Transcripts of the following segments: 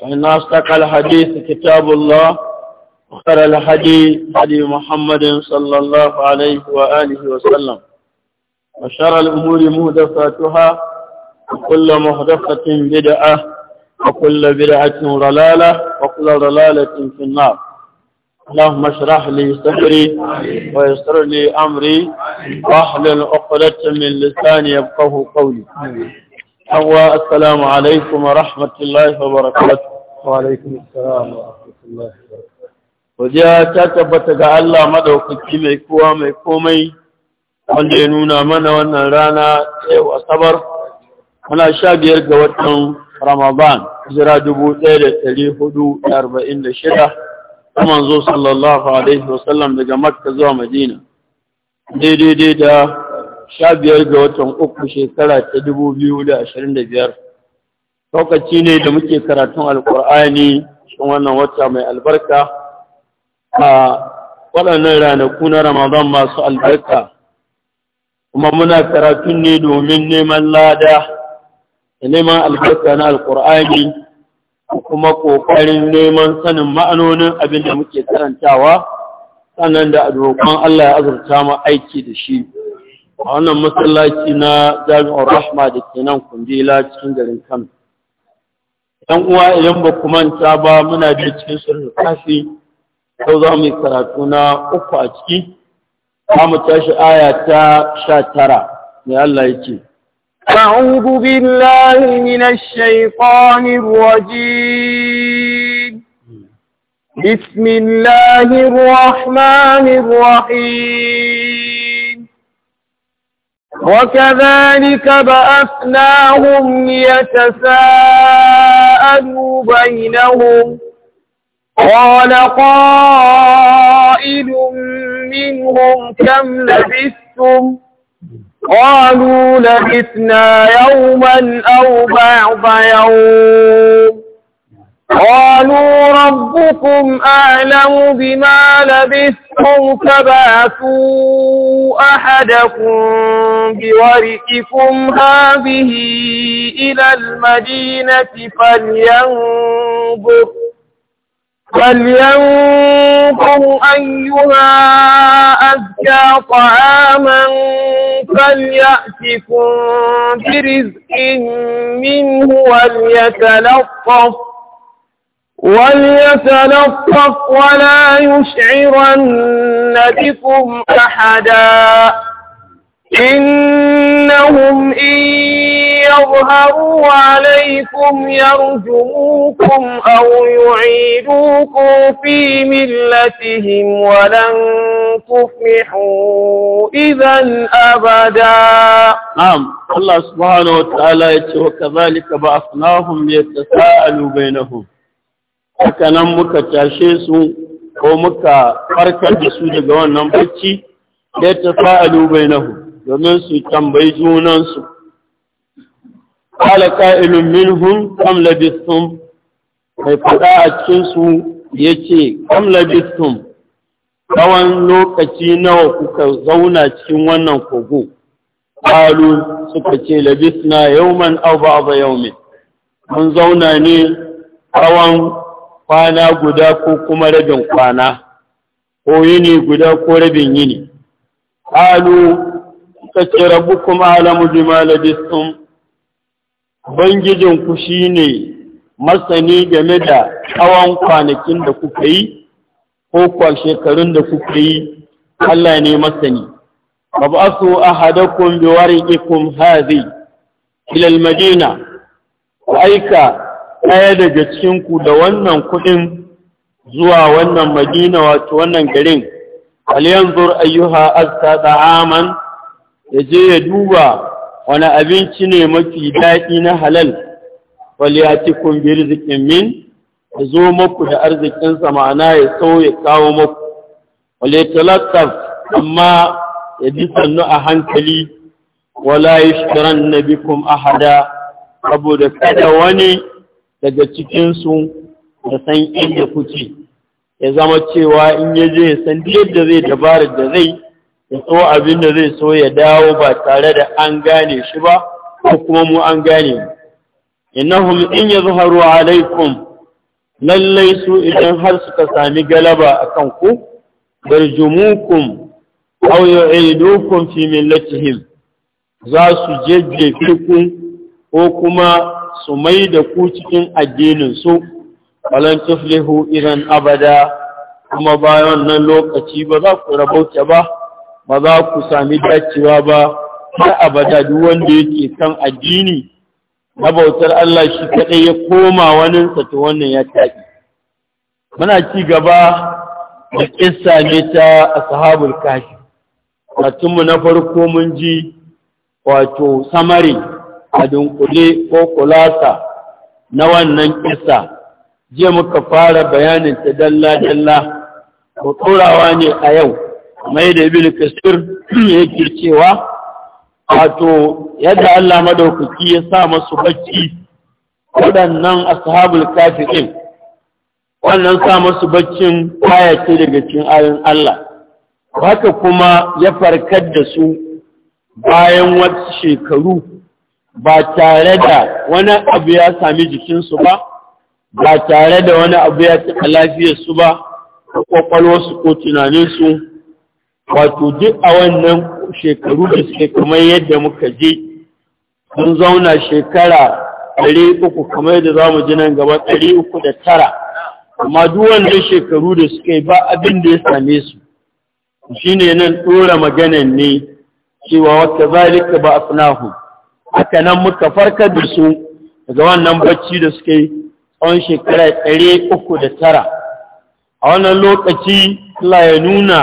فإن أصدق الحديث كتاب الله وخير الحديث حديث محمد صلى الله عليه وآله وسلم وشر الأمور مهدفاتها وكل مهدفة بدعة وكل بدعة ضلالة وكل ضلالة في النار اللهم اشرح لي صدري ويسر لي أمري واحلل عقدة من لساني يفقه قولي حواء السلام عليكم ورحمة الله وبركاته وعليكم السلام ورحمة الله وبركاته wajiya ta tabbata ga Allah maɗaukaki mai kowa mai komai wanda ya nuna mana wannan rana yau asabar muna sha biyar ga watan ramadan jira dubu ɗaya da ɗari hudu da arba'in da shida ta manzo sallallahu alaihi daga makka zuwa madina daidai da sha biyar ga watan uku shekara ta dubu biyu da ashirin da biyar lokaci ne da muke karatun alkur'ani cikin wannan wata mai albarka a waɗannan ranaku na ramadan masu albarka kuma muna karatun ne domin neman lada da neman albarka na alkur'ani kuma ƙoƙarin neman sanin ma'anonin abin da muke karantawa sannan da roƙon Allah ya azurta mu aiki da shi a wannan masallaci na jami'ar rahma da ke nan kundila cikin garin kano ɗan uwa idan ba ku manta ba muna da cikin sunan kafi ko za mu yi karatu na uku a ciki za mu tashi aya ta sha tara mai Allah ya ce أعوذ بالله من الشيطان الرجيم بسم الله الرحمن الرحيم وكذلك بأثناهم ليتساءلوا بينهم قال قائل منهم كم لبثتم قالوا لبثنا يوما أو بعض يوم قالوا ربكم أعلم بما لبثتم فبعثوا أحدكم بورئكم هذه إلى المدينة فلينظر فلينظر أيها أزكى طعاما فليأتكم برزق منه وليتلطف وليتلطف ولا يشعرن بكم أحدا إنهم إن يظهروا عليكم يرجموكم أو يعيدوكم في ملتهم ولن تفلحوا إذا أبدا نعم الله سبحانه وتعالى وكذلك بعثناهم ليتساءلوا بينهم haka nan muka tashe su ko muka farkar da su daga wannan barci? da ta fa'alu bai nahu domin su tambayi junansu. Kala ƙa'ilun hun kam labistum mai faɗa a cikinsu ya ce kam labistum tsawon lokaci nawa kuka zauna cikin wannan kogo. Kalu suka ce man yauman au yau mai, Mun zauna ne tsawon kwana guda ko kuma rabin kwana ko yini guda ko rabin yini qalu kace rabbukum alamu bima labistum bangijin ku shine masani game da tsawon kwanakin da kuka yi ko kwa shekarun da kuka yi Allah ne masani bab'asu ahadakum biwariqikum hadhi ila almadina madina wa aika ɗaya daga cikinku da wannan kuɗin zuwa wannan madina wato wannan garin zur ayyuha azka aman ya je ya duba wani abinci ne mafi daɗi na halal waliyatikun bi rizikin min ya zo maku da arzikinsa ma'ana ya sau ya kawo maku waliyatalakaf amma ya bi sannu a hankali wala na bikum ahada saboda kada wani daga cikinsu da san inda kuke ya zama cewa in ya je ya san yadda zai dabara da zai ya so abin da zai so ya dawo ba tare da an gane shi ba ko kuma mu an gane innahum in yazharu alaikum lallai su idan har suka sami galaba akan ku barjumukum aw yu'idukum fi millatihim za su jajjefe ku ko kuma su mai da ku cikin addininsu falon tuflihu idan abada kuma bayan nan lokaci ba za ku rabauta ba ba za ku sami dacewa ba har abada duk wanda yake kan addini na bautar Allah shi kaɗai ya koma wani ta wannan ya taɓi muna ci gaba da ƙissa ne ta ashabul kashi mu na farko mun ji wato samari a dunkule ko kulasa na wannan kisa jiya muka fara bayanin ta dalla-dalla ko turawa ne a yau mai da ibil kasir yake cewa wato yadda Allah madaukaki ya sa masu bacci waɗannan ashabul kafirin wannan sa masu baccin kaya ce daga cikin ayin Allah haka kuma ya farkar da su bayan wasu shekaru ba tare da wani abu ya sami jikinsu ba ba tare da wani abu ya taɓa su ba ko su ko tunaninsu wato duk a wannan shekaru da suke kamar yadda muka je sun zauna shekara ɗari uku kamar yadda za mu ji nan gaba da tara. amma duk wannan shekaru da suka ba abin da ya same su shi ne nan ɗora maganan ne cewa wata zalika ba a aka nan muka farkar da su daga wannan bacci da suka yi tsawon shekara ɗari uku da tara a wannan lokaci Allah ya nuna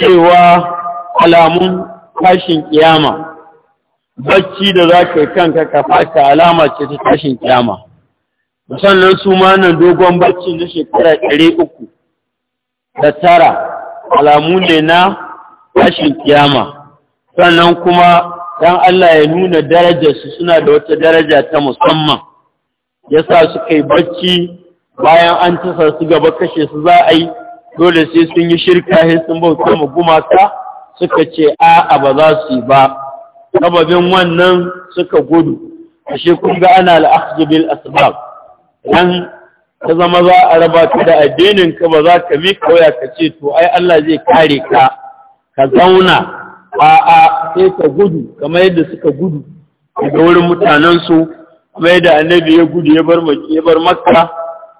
cewa alamun tashin kiyama bacci da za ka yi kanka ka alama ce ta tashin kiyama musamman su ma nan dogon bacci na shekara ɗari uku da tara alamu ne na tashin kiyama sannan kuma don Allah ya nuna darajarsu suna da wata daraja ta musamman yasa sa su kai bacci bayan an tasa su gaba kashe su za a yi dole sai sun yi shirka sai sun bauta mu gumaka suka ce a'a ba za su yi ba sababin wannan suka gudu ashe kun ga ana al'akhzu bil asbab dan ta zama za a raba ka da addinin ka ba za ka mika waya ka ce to ai Allah zai kare ka ka zauna a'a sai ka gudu kamar yadda suka gudu daga wurin mutanensu kamar yadda annabi ya gudu ya bar makka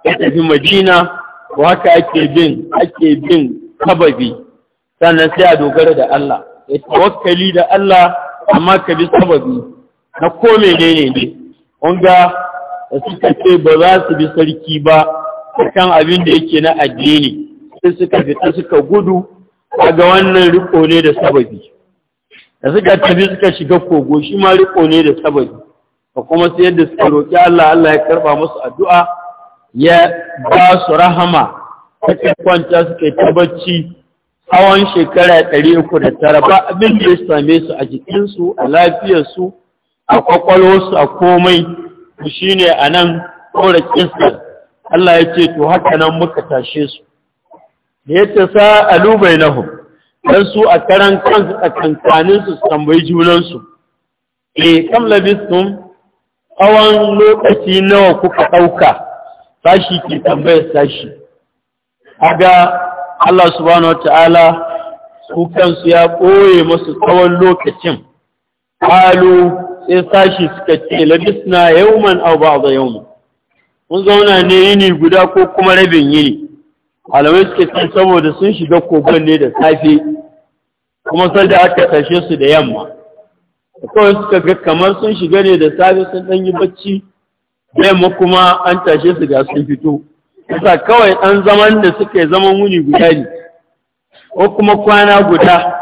ya tafi madina ko haka ake bin ake bin sababi sannan sai a dogara da Allah ya tawakkali da Allah amma ka bi sababi na ko menene ne wanga da suka ce ba za su bi sarki ba kan abin da yake na addini sai suka fita suka gudu ga wannan riko ne da sababi da suka tafi suka shiga kogo shi ma riko ne da sabari da kuma sai yadda suka roƙi Allah Allah ya karba musu addu'a ya ba su rahama suka kwanta suka ta bacci tsawon shekara ɗari uku da tara ba abin da ya same su a jikinsu a lafiyarsu a kwakwalwarsu a komai ku shi ne a nan ƙora ƙisar Allah ya ce to haka nan muka tashe su da ya ta sa alubai na hu don su a karan kansu a kankaninsu su tambayi junansu e kam labistum, tsawon lokaci nawa kuka ɗauka sashi ke tambayar sashi aga Allah subhanahu wa ta'ala su kansu ya ɓoye masu tsawon lokacin halu sai sashi suka ce labisna man au ba a mun zauna ne yini guda ko kuma rabin yini malamai suke kan saboda sun shiga kogon ne da safe kuma da aka tashe su da yamma kawai suka ga kamar sun shiga ne da safe sun ɗan yi bacci da yamma kuma an tashe su ga sun fito kasa kawai ɗan zaman da suke zaman wuni guda ne ko kuma kwana guda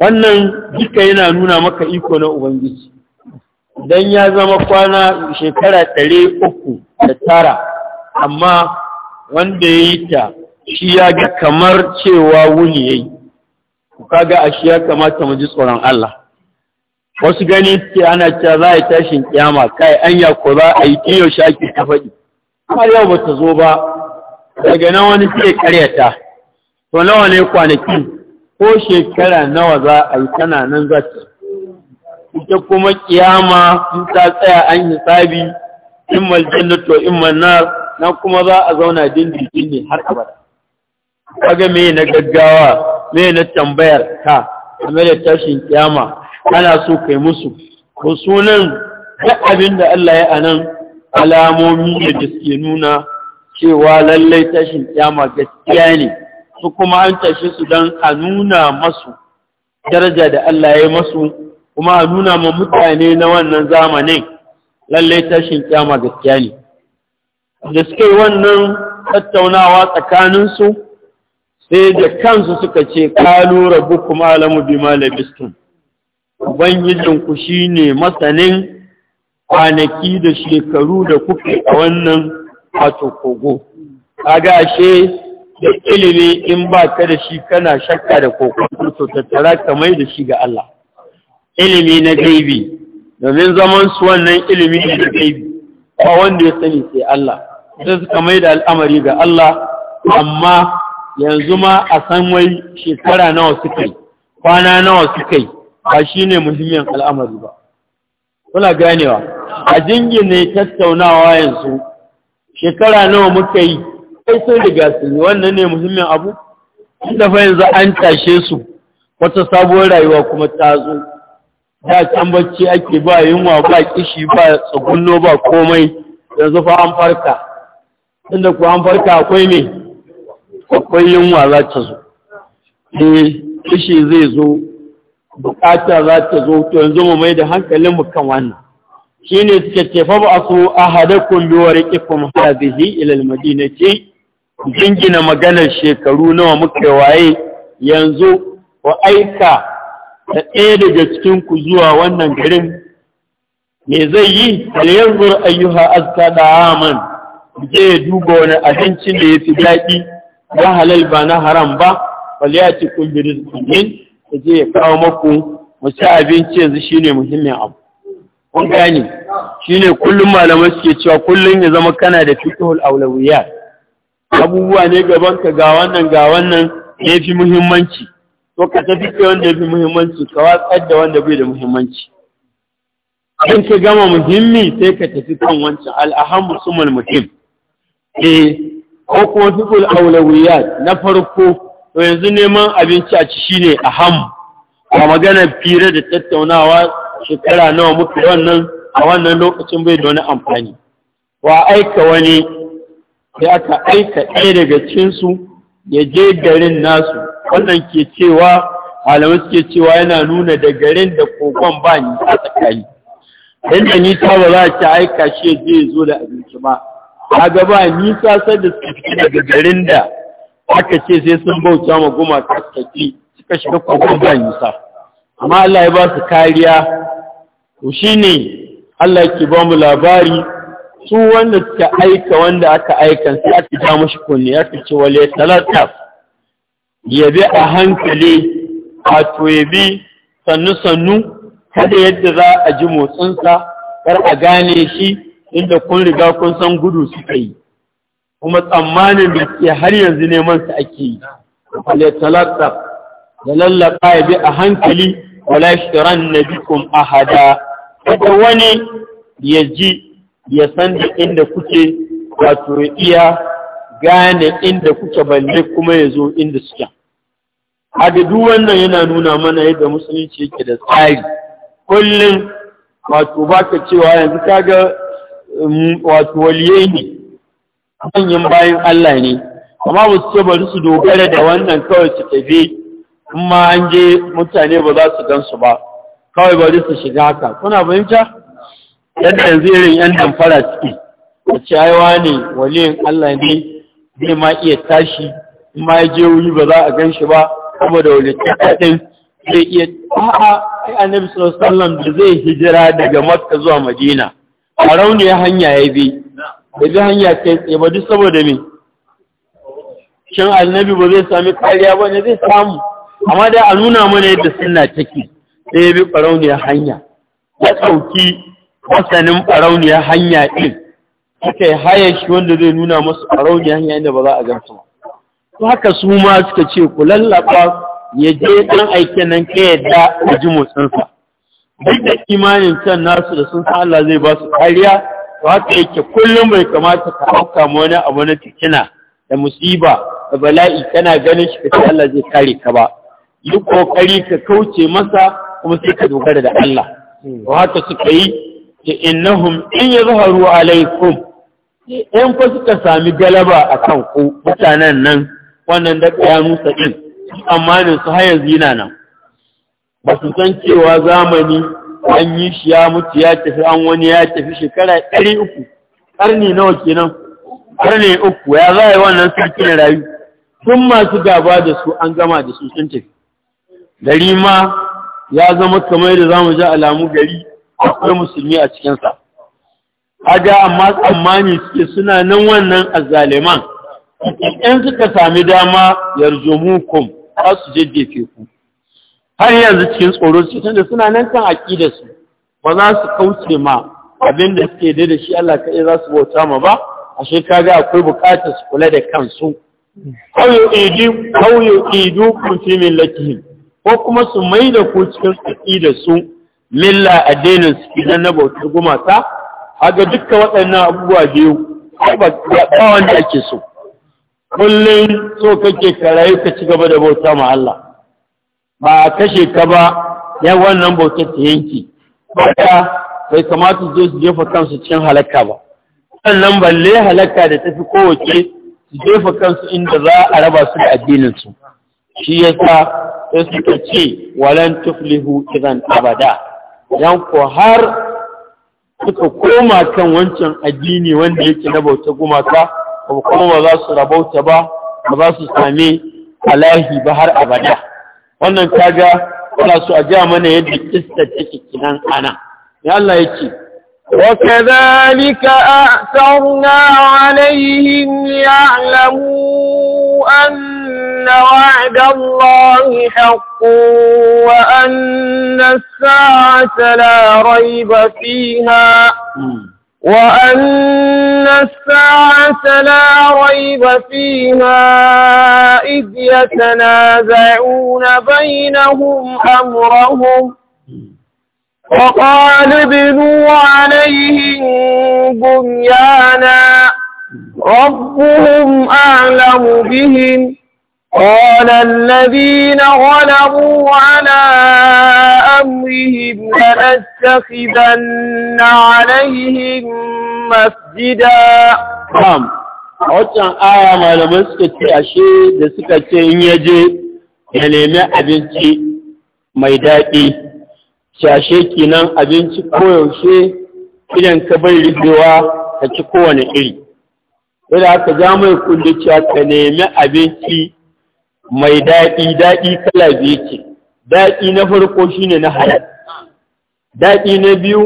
wannan duka yana nuna maka iko na ubangiji idan ya zama kwana shekara ɗari uku da tara amma wanda ya yi ta shi ya ga kamar cewa wuni ya yi kaga a shi ya kamata mu ji tsoron Allah wasu gani ke ana cewa za a yi tashin kyama kai ya ko za a yi tiyo shaki ta faɗi har yau ba ta zo ba daga nan wani ke karyata to nawa ne kwanaki ko shekara nawa za a yi tana nan za ta ita kuma kiyama in ta tsaya an hisabi in maljanna to in mannar na kuma za a zauna dindindin ne har abada kaga me na gaggawa me na tambayar ka kamar da tashin kiyama ana so kai musu ko sunan duk abin da Allah ya anan alamomi ne da suke nuna cewa lallai tashin kiyama gaskiya ne su kuma an tashi su don a nuna masu daraja da Allah ya yi masu kuma a nuna ma mutane na wannan zamanin lallai tashin kiyama gaskiya ne da suka wannan tattaunawa tsakaninsu sai da kansu suka ce kalu rabu kuma alamu bi malabistun ubangijinku shi ne masanin kwanaki da shekaru da kuke a wannan wato kogo a gashe da ilimi in ba ka da shi kana shakka da kokon to tattara ka mai da shi ga Allah ilimi na gaibi domin zaman su wannan ilimi ne na gaibi ba wanda ya sani sai Allah sai suka mai da al'amari ga Allah amma yanzu ma a san wai shekara nawa suka yi kwana nawa suka yi ba shi ne muhimmin al'amari ba kuna ganewa a jingin ne tattaunawa yanzu shekara nawa muka yi kai sun riga su yi wannan ne muhimmin abu inda fa yanzu an tashe su wata sabuwar rayuwa kuma ta zo da can bacci ake ba yunwa ba kishi ba tsagunno ba komai yanzu fa an farka inda kuwa an farka akwai ne akwai yunwa za ta zo ne eh, kishi zai zo bukata za ta zo to yanzu mu mai da hankalin mu kan wannan shine suke ce fa ba su ahadakum bi wariqikum hadhihi ila almadinati jingina maganar shekaru nawa muka waye yanzu wa aika da ɗaya daga cikin ku zuwa wannan garin me zai yi falyanzur ayyuha azka aman je ya duba wani abincin da ya fi daɗi ba halal ba na haram ba wal ya ci kun bi rizqin je ya kawo maku mu abinci yanzu shine muhimmin abu kun gane ne kullum malamai suke cewa kullum ya zama kana da fiqhul awlawiyat abubuwa ne gaban ka ga wannan ga wannan ya fi muhimmanci to ka tafi kai wanda ya fi muhimmanci ka watsar da wanda bai da muhimmanci in ka gama muhimmi sai ka tafi kan wancan al'ahamu sumul muhim eh ko kuma fiqul awlawiyat na farko to yanzu neman abinci a ci shine aham a magana fira da tattaunawa shekara nawa muke wannan a wannan lokacin bai da wani amfani wa aika wani sai aka aika ɗaya daga cinsu ya je garin nasu wannan ke cewa malamai suke cewa yana nuna da garin da kogon ba nisa tsakani inda nisa ba za a ci aika shi ya je zo da abinci ba kaga ba nisa sai da suke fita daga garin da aka ce sai sun bauta ma goma suka suka shiga kogon ba nisa amma Allah ya ba su kariya to shine Allah yake ba mu labari su wanda suka aika wanda aka aika, sai aka ja mashi kunne aka ce wale talata yabi a hankali a toyebi sannu sannu kada yadda za a ji motsinsa kar a gane shi inda kun riga kun san gudu suka yi kuma tsammanin da ke har yanzu neman su ake yi talata da lallaka ya bi a hankali wala lashiran na bikin ahada kada wani ya ji ya san da inda kuke wato iya gane inda kuke balle kuma ya zo inda suke adadu wannan yana nuna mana yadda musulunci yake da tsari kullum wato baka cewa yanzu kaga wato waliyai ne manyan bayan Allah ne amma ba su ce bari su dogara da wannan kawai su tafi in ma an je mutane ba za su gansu ba kawai bari su shiga haka kuna fahimta yadda yanzu irin yan damfara ciki a ce aiwa ne waliyan Allah ne zai ma iya tashi in ma ya je wuri ba za a gan shi ba Kuma da walitaka ɗin zai iya a'a ai annabi sallallahu alaihi wasallam da zai hijira daga makka zuwa madina a rauniyar hanya ya bi da bi hanya kai tsaye ba duk saboda mai shin annabi ba zai sami kariya ba ne zai samu amma dai a nuna mana yadda suna take sai ya bi ɓarauniyar hanya ya ɗauki masanin ɓarauniyar hanya ɗin suka yi hayar shi wanda zai nuna masu ɓarauniyar hanya inda ba za a gansu ba to haka su ma suka ce ku lallaba ya je ɗan aikin nan ka yadda a ji motsinsa duk da imanin can nasu da sun san Allah zai ba su kariya to haka yake kullum bai kamata ka hauka ma wani abu na tikina da musiba da bala'i kana ganin shi ka Allah zai kare ka ba yi kokari ka kauce masa kuma sai ka dogara da Allah to haka suka yi ta innahum in ya ruwa alaikum in ku suka sami galaba akan ku mutanen nan wannan da kayan musa din ne su har yanzu yana nan ba su san cewa zamani an yi shi ya mutu ya tafi an wani ya tafi shekara ɗari uku ƙarni nawa kenan ƙarni uku ya za a wannan sarkin rayu sun masu gaba da su an gama da su sun tafi gari ma ya zama kamar da zamu ji alamu gari akwai musulmi a cikinsa aga amma tsammani suke suna nan wannan azzaliman in suka sami dama yarjumukum za su jajjefe ku har yanzu cikin tsoro su tunda suna nan kan aƙida su ba za su kauce ma abin da suke da shi Allah kaɗai za su bauta ma ba ashe kaga akwai bukatar su kula da kansu aw yu'idu aw yu'idu kun fi millatihim ko kuma su mai da ku cikin aƙida su milla addinin su kenan na bautar gumata haga duka waɗannan abubuwa biyu ba wanda ake so kullum so kake ka ka ci gaba da bauta ma Allah ba a kashe ka ba ya wannan bautar ta yanki ba bai kamata zo su jefa kansu cikin halakka ba sannan balle halakka da tafi kowace su jefa kansu inda za a raba su da addinin su. shi yasa sai suka ce walan tuflihu idan abada dan ko har suka koma kan wancan addini wanda yake na bauta gumaka ba kuma ba za su rabauta ba ba za su sami alahi ba har abada wannan kaga ana so a ja mana yadda kista take kinan ana ya Allah yake وكذلك أعثرنا عليهم يعلموا أن وعد الله حق وأن الساعة لا ريب فيها وأن الساعة لا ريب فيها إذ يتنازعون بينهم أمرهم وقال ابنوا عليهم بنيانا ربهم أعلم بهم قال الذين غلبوا على أمرهم لنتخذن عليهم مسجدا نعم a waccan aya malamai suka ce ashe da suka ce in ya je nemi abinci mai daɗi shashe kinan abinci koyaushe idan ka bai rigewa ka ci kowane iri wadda ka ja mai kulle cewa ka nemi abinci mai daɗi daɗi kala biyu ce daɗi na farko shine na halal daɗi na biyu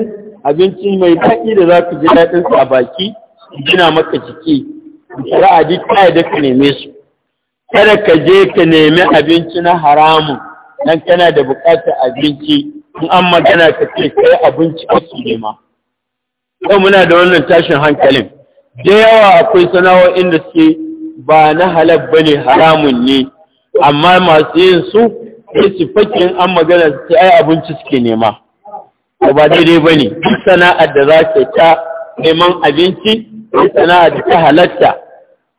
abinci mai daɗi da za ka ji daɗin sa a baki gina maka jiki shari'a ji ta da ka neme su kada ka je ka nemi abinci na haramun dan kana da buƙatar abinci in an magana ka ce kai abinci su nema yau muna da wannan tashin hankalin da yawa akwai sana'o'in da suke ba na halal bane haramun ne amma masu yin su sai su fakin an magana su ce ai abinci suke nema ko ba daidai ba ne duk sana'ar da za ta ta neman abinci duk sana'ar da ta halatta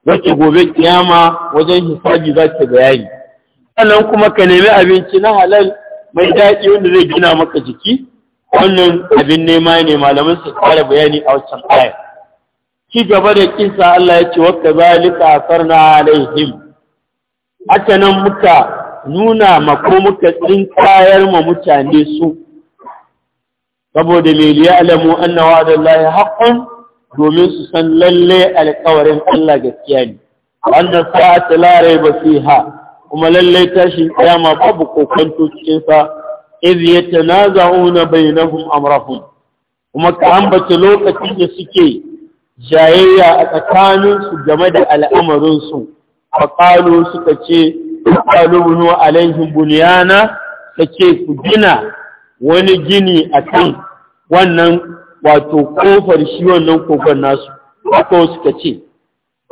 wacce gobe kiyama wajen hisabi za ta bayani sannan kuma ka nemi abinci na halal mai daɗi wanda zai gina maka jiki wannan abin nema ne malamin su tsara bayani a wancan aya ci gaba da kisa Allah ya ce wa kazalika asarna alaihim aka nan muka nuna ma ko muka tsinkayar ma mutane su saboda mai alamu, annawa da lahi haƙon domin su san lalle alƙawarin Allah gaskiya ne wanda sa'ata larai ba su ha kuma lalle tashin kiyama babu kokonto cikin sa iz yatanaza'una hun amurafun, kuma ka ambace lokacin da suke jayayya a tsakaninsu game da al'amarinsu faƙalo suka ce faƙalu bunu alaihin buniyana suke ku gina wani gini a kan wannan wato ƙofar shi wannan kofar nasu haka suka ce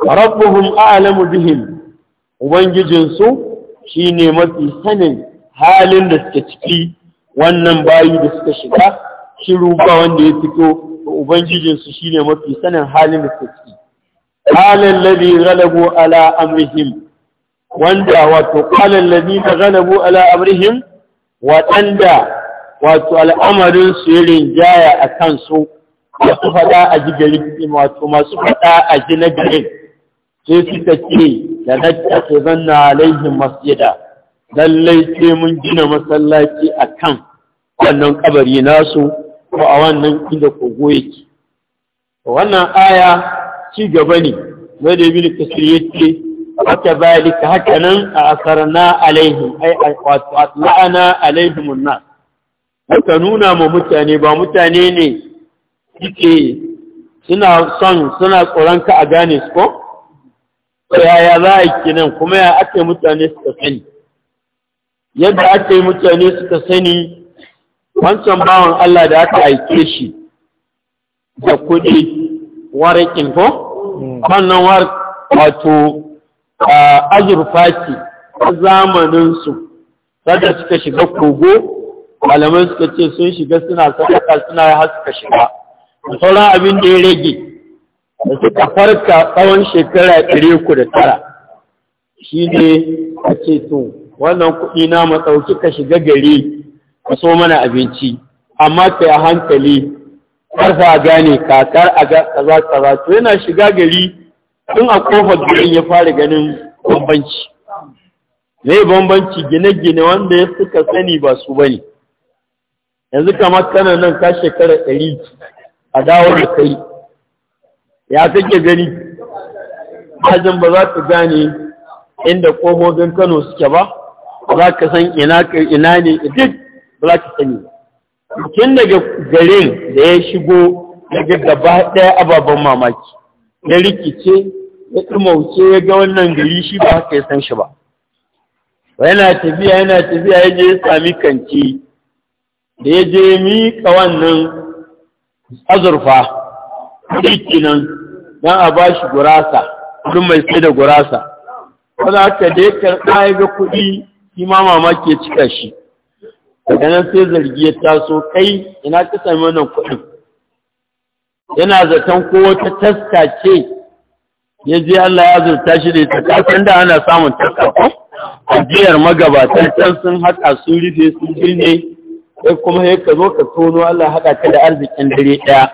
rabbuhum a'lamu bihim ubangijinsu shine mafi sanin halin da suke ciki wannan bayi da suka shiga shiru ba wanda ya fito ubangijinsu shine mafi sanin halin da suke ciki halin labi galabu ala amrihim wanda wato halin labi na galabu ala amrihim waɗanda wato al'amarin su yi rinjaya a kansu masu faɗa a ji gari wato masu faɗa a ji na garin sai suka ce da na zan zanna alaihin masjida lallai sai mun gina masallaci a kan wannan kabari nasu ko a wannan inda kogo yake wannan aya ci gaba ne wanda ibn kasir yace haka zalika haka nan a asarna alaihim ai wato atla'ana alaihim an-nas haka nuna ma mutane ba mutane ne suke suna son suna tsoron ka a gane su ko yaya za a yi nan kuma ya ake mutane suka sani yadda aka yi mutane suka sani wancan bawan Allah da aka aike shi da kuɗi warakin ko wannan war wato azurfa ce a zamaninsu. sada suka shiga kogo malamai suka ce sun shiga suna sadaka suna ya haska shiga da sauran abin da ya rage da suka farka tsawon shekara ɗari ku da tara shi ne a ce to wannan kuɗi na matsauki ka shiga gari ka so mana abinci amma ka yi hankali karfa gane kakar a ga kaza kaza to yana shiga gari tun a kofar gari ya fara ganin bambanci me bambanci gine-gine wanda ya suka sani ba su bane yanzu kamar kana nan ka shekara ɗari a dawo da kai ya take gani ajin ba za ka gane inda ƙofofin kano suke ba ba za ka san ina ne duk ba za ka sani ba tun daga garin da ya shigo daga gaba ɗaya ababen mamaki ya rikice ya ɗumauce ya ga wannan gari shi ba haka ya san shi ba yana tafiya yana tafiya ya je ya sami kanci da ya je miƙa wannan azurfa ɗiki nan don a ba shi gurasa kudin mai sai da gurasa wanda haka da ya karɓa ya ga kuɗi shi ma mamaki ya cika shi daga sai zargi ya taso kai ina ka sami wannan kuɗin yana zaton ko wata taska ce ya je Allah ya zurta shi da ita kasan da ana samun taska ko ajiyar magabatan can sun haƙa sun rufe sun birne sai kuma ya ka zo ka tono Allah haƙa ta da arzikin dare ɗaya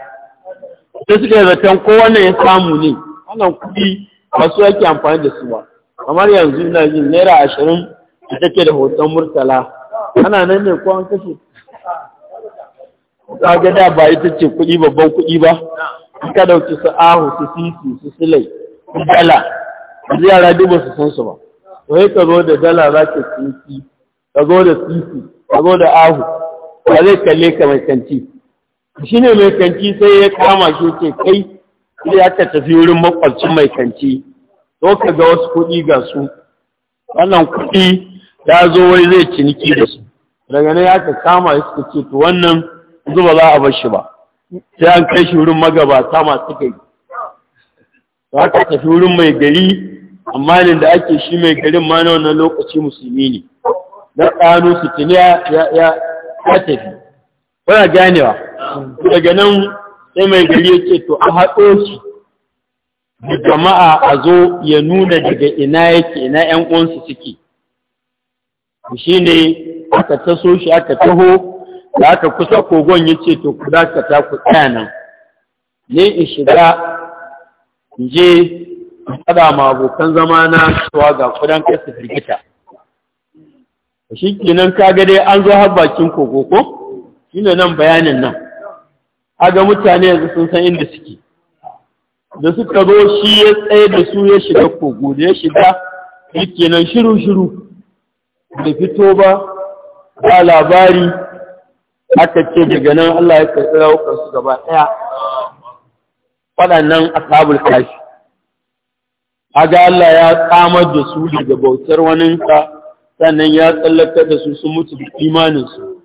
sai suka zaton ko wannan ya samu ne wannan kuɗi masu yake amfani da su ba kamar yanzu na jin naira ashirin da take da hoton murtala ana nan ne ko an kashe ga da ba ita ce kuɗi babban kuɗi ba ka dauki su ahu su sisi, su silai su dala yanzu yara dubu su san su ba wai ka zo da dala za ka sisi ka zo da sisi, ka zo da ahu ba zai kalle ka mai kanti shi ne mai kanti sai ya kama shi ke kai sai aka tafi wurin makwabcin mai kanti to ka ga wasu kuɗi ga su wannan kuɗi ya zo wai zai ciniki da su daga nan ya ka kama ya suka ce to wannan zuba za a bar shi ba sai an kai shi wurin magabata masu gari za ka tafi wurin mai gari amma ne da ake shi mai garin ma na wannan lokaci musulmi ne na tsano su tuni ya tafi kuna ganewa daga nan sai mai gari ya ce to a haɗo shi da jama'a a zo ya nuna daga ina yake ina 'yan uwansu suke shi ne aka taso shi aka taho da aka kusa kogon ya ce to ka ta ku tsaya nan ne in shiga in je in faɗa ma abokan zama na cewa ga kudan kasa firgita shi kenan kaga dai an zo har bakin kogo ko shi ne nan bayanin nan aga mutane yanzu sun san inda suke da suka zo shi ya tsaye da su ya shiga kogo da ya shiga shi kenan shiru-shiru bai fito ba ba labari aka ce daga nan Allah ya karɓi rawukansu gaba ɗaya waɗannan ashabul kashi ga Allah ya tsamar da su daga bautar waninsa sannan ya tsallakar da su sun mutu da imaninsu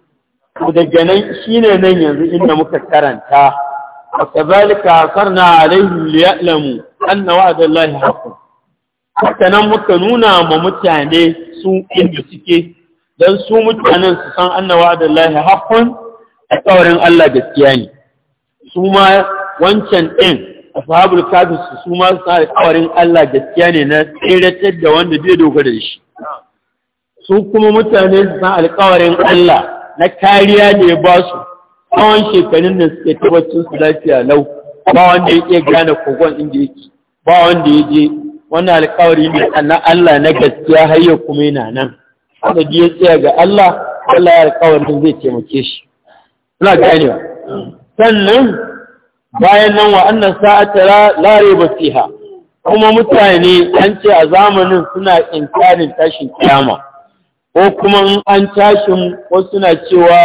daga nan shine nan yanzu inda muka karanta a kazalika a alaihi liya'lamu anna wa'dallahi haku haka nan muka nuna ma mutane su inda suke don su mutanen su san annawa da lahi haƙƙun a tsawarin Allah gaskiya ne su ma wancan ɗin a sahabul kafin su su ma su a tsawarin Allah gaskiya ne na tseratar da wanda zai dogara da shi su kuma mutane su san alƙawarin Allah na kariya da ya ba su tsawon shekarun da suke tabbacin su lafiya lau ba wanda ya ke gane kogon inda yake ba wanda ya je wannan alkawari ne na Allah na gaskiya har yau kuma yana nan wanda biyu tsaya ga Allah Allah ya alkawarin zai taimake shi ina ganewa sannan bayan nan wa annan sa'ata ba su ha, kuma mutane an ce a zamanin suna inkarin tashin kiyama ko kuma in an tashin ko suna cewa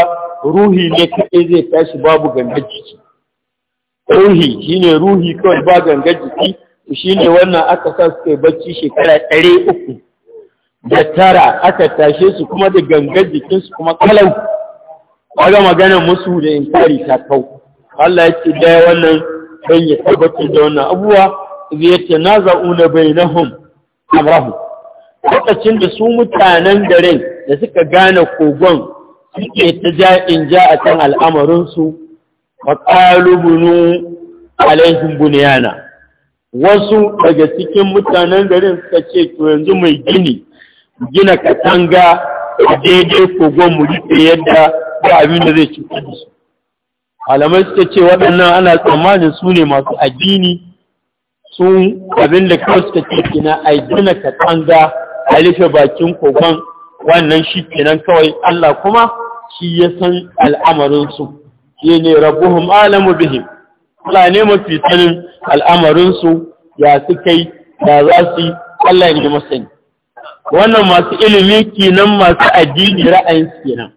ruhi ne kaɗai zai tashi babu gangar jiki ruhi ne ruhi kawai ba gangar jiki shi ne wannan aka sa suka bacci shekara ɗari uku da tara aka tashe su kuma da gangar jikinsu kuma kalau kaga maganar musu da inkari ta kau Allah ya ce da wannan ban ya tabbatar da wannan abuwa zai ce na za'una amrahu lokacin da su mutanen garin da suka gane kogon suke ta ja'in ja a kan al'amarinsu wa ƙalubunu alaihim buniyana wasu daga cikin mutanen garin suka ce to yanzu mai gini gina katanga a daidai kogon mu rufe yadda ba abin da zai cutar da su alamai suka ce waɗannan ana tsammanin su ne masu addini sun abin da kawai suka ce kina a gina katanga a rufe bakin kogon wannan shi kenan kawai Allah kuma shi ya san al'amarin su. shi ne rabuhum alamu bihim Allah ne mafi sanin al'amarinsu ya su kai da za su Allah ne masani. Wannan masu ilimi kenan masu addini ra'ayin kenan.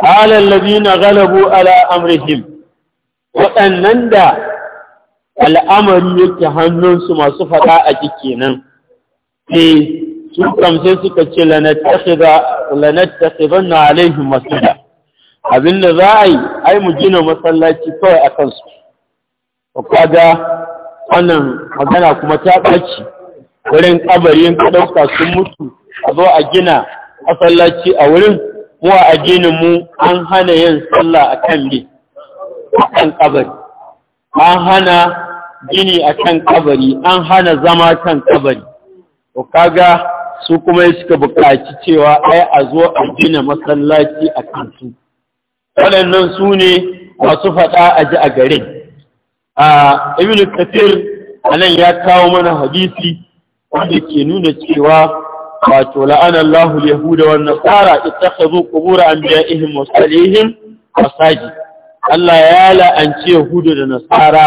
Halar labina galabu ala amrihim, waɗannan da al'amari yake hannunsu masu faɗa a kenan. Eh, sai su kamsai suka ce lanattakiban na alaihim masu da. Abinda za a yi, ai mu gina masallaci kawai a kansu. kaga wannan magana kuma ta ɓaci wurin ƙabarin ɗauka sun mutu a zo a gina masallaci a wurin mu a mu an hana yin sallah a kan bi kan ƙabari an hana gini a kan ƙabari an hana zama kan ƙabari to kaga su kuma suka buƙaci cewa ai a zo a gina masallaci a su waɗannan su ne masu faɗa a ji a garin Aa ibn kafir anan ya kawo mana hadisi wanda ke nuna cewa wato la'ana Allahu al-yahuda wan nasara ittakhadhu qubur anbiya'ihim wa salihim masajid Allah ya la'anci yahuda da nasara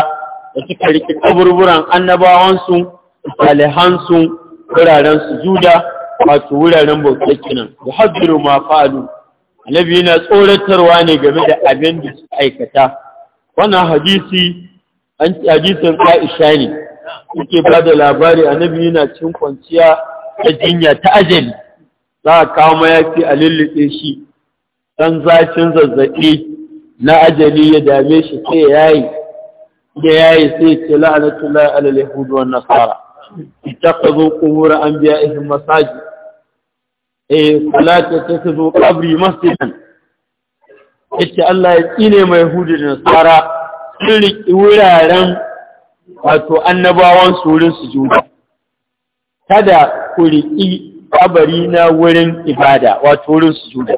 da suka rike kaburburan annabawansu salihansu wuraren sujuda wato wuraren bautar da hadiru ma fa'alu annabi yana tsoratarwa ne game da abin da suka aikata wannan hadisi an hadisin Aisha ne yake ba da labari annabi yana cin kwanciya ta jinya ta ajali za a kawo mayafi a lullube shi dan zafin zazzabi na ajali ya dame shi sai ya yayi ya yayi sai ya ce la'anatullahi alal yahud wan nasara ittakhadhu qubur anbiya'ihim masajid eh salata takhadhu qabri masjidan yace Allah ya tsine mai yahudi da nasara sun riƙi wuraren wato annabawan su kada ku riƙi kabari na wurin ibada wato wurin sujuda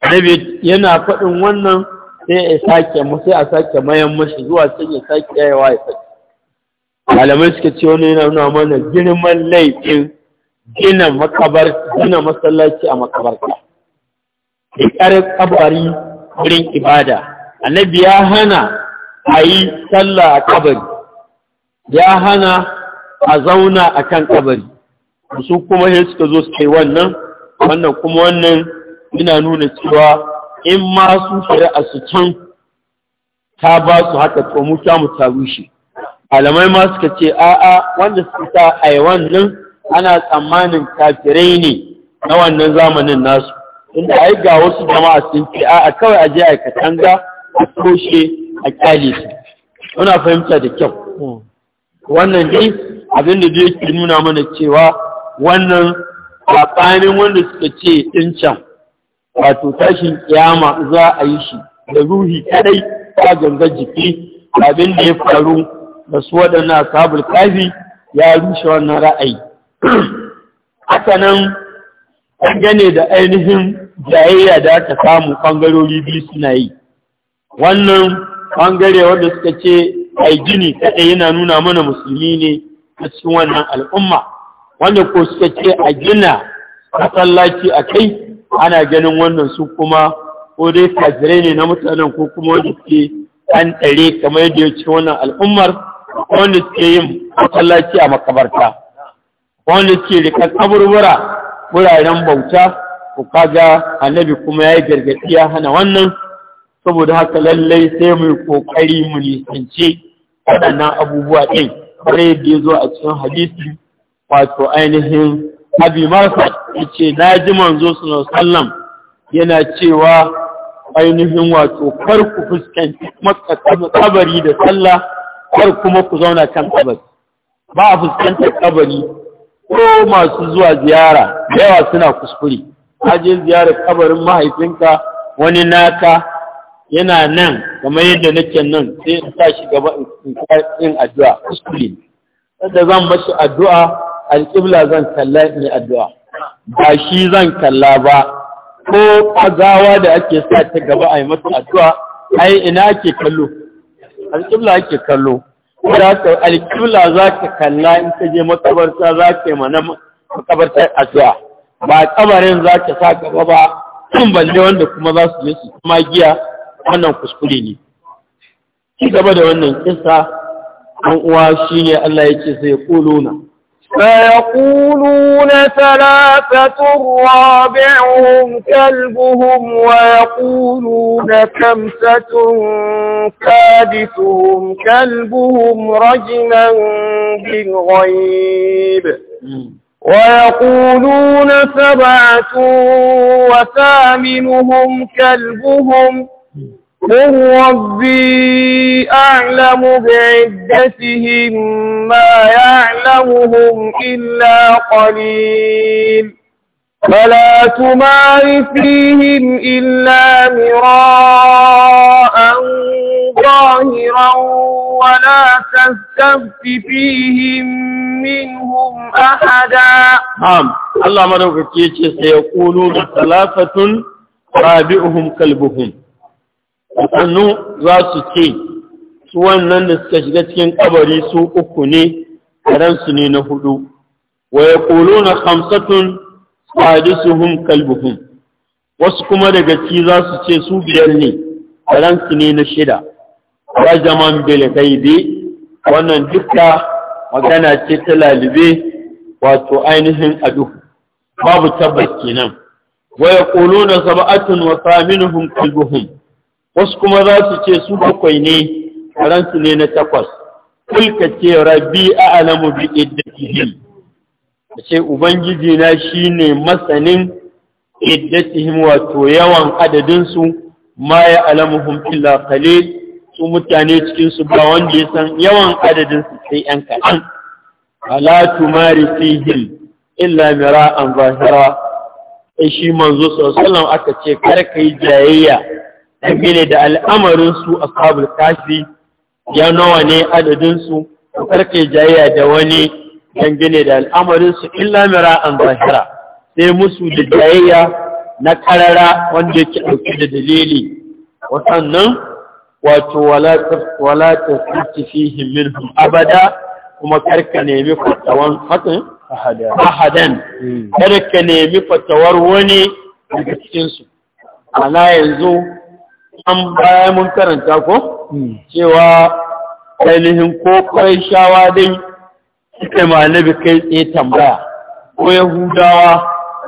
annabi yana faɗin wannan sai ya sake mu sai a sake mayan mashi zuwa sai ya sake yayawa ya sake malamai suka ce wani yana nuna mana girman laifin gina makabar gina masallaci a makabarta da kabari wurin ibada annabi ya hana a yi sallah a kabari ya hana a zauna a kan kabari su kuma sai suka zo su kai wannan wannan kuma wannan ina nuna cewa in ma su shari'a su can ta ba su haka to mu ta rushe. alamai ma suka ce a'a wanda suka ta a yi wannan ana tsammanin kafirai ne na wannan zamanin nasu inda ai ga wasu jama'a sun ce a'a kawai aje a ga a toshe a kyale su muna fahimta da kyau wannan dai abin da yake nuna mana cewa wannan saɓanin wanda suka ce ɗin can wato tashin ƙyama za a yi shi da ruhi kadai ta ganga jiki abin da ya faru da su waɗannan sabul kafi ya rushe wannan ra'ayi haka nan gane da ainihin jayayya da aka samu ɓangarori biyu suna yi wannan ɓangare wanda suka ce ai gini kaɗai yana nuna mana musulmi ne a cikin wannan al'umma wanda ko suka ce a gina masallaci a kai ana ganin wannan su kuma ko dai fajirai ne na mutanen ko kuma wanda suke an tsare kamar yadda ya ce wannan al'ummar wanda suke yin masallaci a makabarta wanda suke rika kaburbura wuraren bauta ko kaga annabi kuma ya yi gargaɗi ya hana wannan saboda haka lallai sai mu kokari mu nisance waɗannan abubuwa ɗin kamar yadda ya zo a cikin hadisi wato ainihin abi marfa yace na ji manzo sallallahu sallam yana cewa ainihin wato kar ku fuskanci kabari da sallah kar kuma ku zauna kan kabari ba a fuskantar kabari ko masu zuwa ziyara yawa suna kuskure aje ziyarar kabarin mahaifinka wani naka yana nan kamar yadda nake nan sai in sa shi gaba in yin addu'a kuskure da zan bashi addu'a alƙibla zan kalla in addu'a ba shi zan kalla ba ko azawa da ake sa ta gaba a yi masa addu'a ai ina ake kallo alƙibla ake kallo da ka alƙibla za ka kalla in ka je makabarta za ka yi mana makabartar addu'a ba kabarin za ka sa gaba ba balle wanda kuma za su je su kuma giya wannan kuskure ne ci gaba da wannan kisa an uwa shi ne Allah ya sai ya ƙulu na فيقولون na talatatun rabi'un kalbuhum na kamsatun kadisuhun kalbuhum rajinan bin ghaib hmm. wa ƙulu na sabatun wa saminuhun kalbuhum قل ربي أعلم بعدتهم ما يعلمهم إلا قليل فلا تمار فيهم إلا مراء ظاهرا ولا تستفت فيهم منهم أحدا نعم الله مرحبا يقولون ثلاثة رابعهم كلبهم sannu za su ce su wannan da suka shiga cikin kabari su uku ne karansu ne na hudu wa ya na hamsatun sadisuhum kalbuhum wasu kuma daga ci za su ce su biyar ne karansu ne na shida wa yi bilgaibe wannan dukka magana ce ta lalube wato ainihin adu babu tabbas kenan wa yaquluna sab'atun wa saminuhum kalbuhum wasu kuma za su ce su bakwai ne ransu ne na takwas kulka ce rabi a alamu bi iddatihim a ce ubangiji na shi ne masanin iddatihim wato yawan adadinsu ma ya alamuhum illa su mutane cikinsu ba wanda ya san yawan adadinsu sai ‘yan kaɗan ala tumari fihim illa an zahira sai shi manzo sallallahu aka ce kar yi jayayya dangane da al'amarinsu a kabul kafi ya nawa ne adadinsu karka karfe jayayya da wani dangane da al'amarinsu in lamira an zahira sai musu da jayayya na karara wanda yake ɗauki da dalili wasannan wato wala ta fi himmin abada kuma karka nemi fatawan hakan ahadan hmm. karka nemi fatawar wani daga cikinsu ana yanzu an baya mun karanta ko hmm. cewa ainihin ko kwarai shawa dai suka yi malabi kai tsaye tambaya ko yahudawa